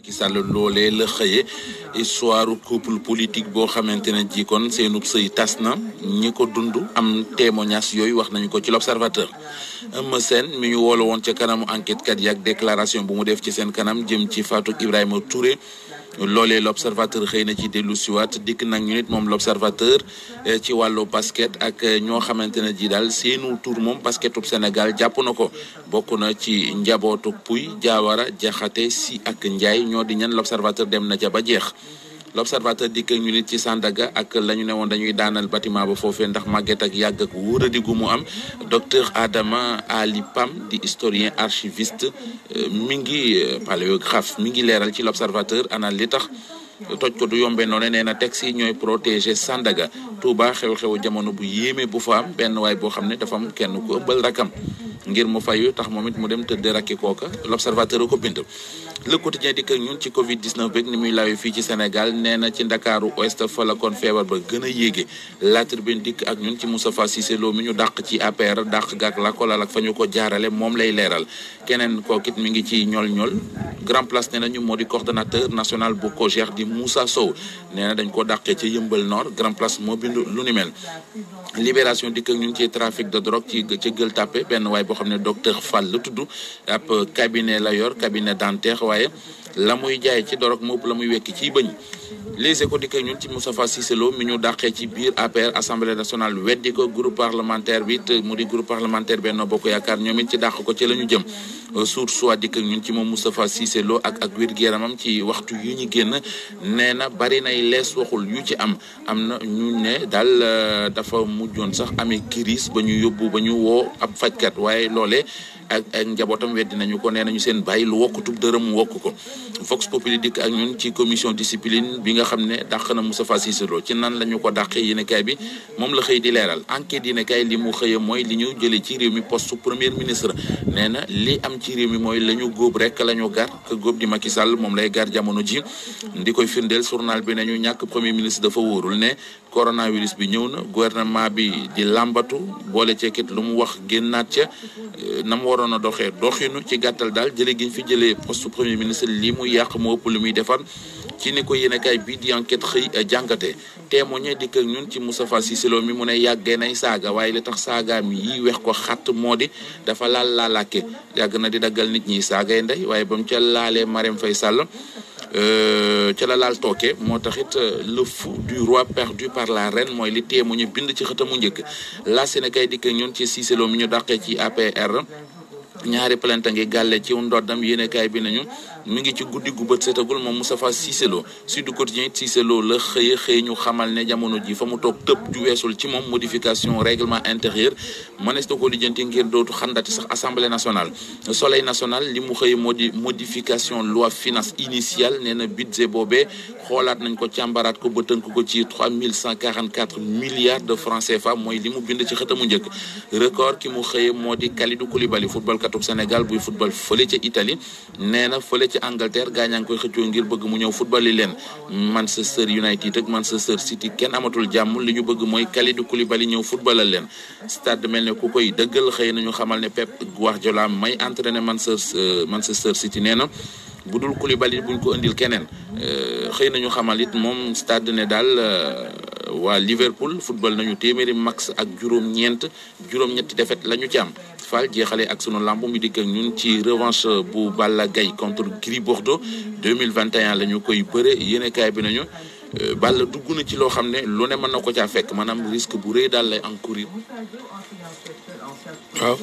Macky Sall loolee la xëyee histoire couple politique boo xamante ne ji kon seenub sëy tas na ñi ko dund am témoignage yooyu wax nañu ko ci l'observateur Eumeu Sène mi ñu woolo woon ca kanamu enquête kat yi ak déclaration bu mu def ci seen kanam jëm ci Fatou Ibrahima Touré loolee l'observateur xëy na ci dellu siwaat dikk nag ñu nit moom l'observateur eh, ci wàllu basket ak eh, ñoo xamante ne ji daal seenu tur moom basketub Sénégal jàpp na ko bokk na ci njabootu Puy Jaawara Jaxate Si ak Njaay ñoo di ñan l'observateur dem na ca ba jeex l'observateur dikk ñu nit ci Sandaga ak lañu ne woon dañuy daanal batiment ba foofee ndax màgget ak yàgg ak wóoradi gu mu am docteur Adama Ali Pam di historien archiviste euh, mi ngi euh, paléographe mi ngi leeral ci l'observateur ana li tax toj ko du yombe noonu nee na taxi yi ñooy protéger Sandaga Touba xew-xewu jamono bu yéeme bu fa am benn waay boo xam ne dafa am kenn ku ëmbal rakam ngir mu yu tax moom it mu dem tëdd rakki kooka l' observateur ko bind le quotidien di kër ñun ci covid 19 bi ni muy lawee fii ci Sénégal nee ci ndakaaru ouest fa la kon feebar ba gën a yéege la tribune dikk ak ñun ci Moustapha Cissé Lo mi ñu dàq ci APR dàq gàk la ak fa ñu ko jaarale moom lay leeral keneen kookit mi ngi ci ñool ñool grand place nee nañu moo di coordonnateur national bu COJER di Moussa Sow nee na dañ ko dàqee ci yëmbal nord grand place moo bindu lu ni mel libération dikk ñu ñun ci trafic de drogue ci ci Gueule benn waaye boo xam ne docteur Fall la tudd ab cabinet la yor cabinet dentaire waaye la muy jaay ci drogue moom la muy wekk ciy bëñ les échos dikkee ñun ci Moustapha Cissé Lo mi ñu dàqee ci biir APR assemblée nationale weddi ko groupe parlementaire bi te mu di groupe parlementaire Benno Bokk Yaakaar ñoom it ci dàq ko ci la ñu jëm euh, suur soit dikkee ñun ci moom Moustapha Cissé Lo ak ak wér-gu-yaramam ci waxtu yu ñu génn nee na bari nay lees waxul yu ci am am na ñu ne daal euh, dafa mujjoon sax amee kiris ba ñu yóbbu ba ñu woo ab fajkat waaye loole ak ak njabootam weddi nañu ko nee nañu seen bàyyi lu wokkutub dërëm wokk ko Vox Populi dikk ak ñun ci commission discipline Bougane bi nga xam ne dàq na Moustapha Cissé Lo ci nan la ñu ko dàqee yéenekaay bi moom la xëy di leeral enquête yéenekaay li mu xëyee mooy li ñu jëlee ci réew mi poste premier ministre nee na li am ci réew mi mooy la ñu góob rek la ñu gar que góob di Macky sàll moom lay gar jamono ji di koy firndeel journal bi nañu ñàkk premier ministre dafa wóorul ne coronavirus bi ñëw na gouvernement bi di làmbatu boole ceekit lu mu wax génnaat ca euh, na mu waroon a doxee doxinu ci gàttal daal jëlee giñ fi jëlee poste premier ministre li mu yàq moo lu muy defar ci ni ko yéenekaay bi di enquête xëy eh, jàngate témoigné dikk ak ñun ci Moustapha Cissé Lo mi mu ne yàggee nay saaga waaye li tax saagaam yi weex ko xatt moo di dafa laal laalaake yàgg na di daggal nit ñi saagay ndey waaye ba mu ca laalee Marème Faye Sall eh, ca la laal tooke moo taxit eh, le fou du roi perdu par la reine mooy li ñu bind ci xëtamu njëkk la Sénégal dikk ak ñun ci Cissé Lo mi ñu dàqee ci APR ñaari plainte ngi gàlle ci ndoddam yéenekaay bi nañu mi ngi ci guddi gu bët seetagul moom Moustapha Cissé Lo Sud Quotidien it Cissé Lo la xëye xëy ñu xamal ne jamono ji fa mu toog tëb ju weesul ci moom modification règlement intérieur mënees na ko lijjanti ngir dootu xandati sax assemblée nationale soleil national li mu xëy modi modification loi finance initiale nee na budget boobee xoolaat nañ ko càmbaraat ko ba tënk ko ci 3144 milliards de francs CFA mooy li mu bind ci xëtamu njëkk record ki mu xëye moo di Kalidou Koulibaly football katub Sénégal buy football fële ca Italie nee na fële ci Angleterre gaañaa ngi koy xëccoo ngir bëgg mu ñëw football yi leen Manchester United ak Manchester City kenn amatul jàmm li ñu bëgg mooy Kalidou Koulibaly ñëw footballal leen stade mel ne ku koy dëggal xëy na ñu xamal ne Pep Guardiola may entraîner Manchester euh, Manchester City nee na bu dul Koulibaly buñ ko indil keneen euh, xëy na ñu xamal it moom stade ne daal euh, waa Liverpool football nañu téeméeri max ak juróom-ñeent juróom-ñetti defet la ñu ci am Fall jeexalee ak sunu lamb mi dikk ak ñun ci revanche bu Balla Gaye contre Gris Bordeaux 2021 la ñu koy bëre yenekaay bi nañu euh, Balla dugg na ci loo xam ne lu ne mën na ko caa fekk maanaam risque bu rëy daal lay encourir. waaw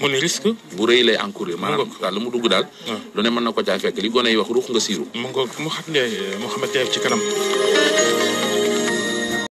mu ne risque. bu rëy lay encourir. maanaam daal lu mu dugg daal. lu ne mën na ko caa fekk li gone yi wax ruux nga siiru. mu ngoog mu xam ne euh, Mouhamed ci kanam.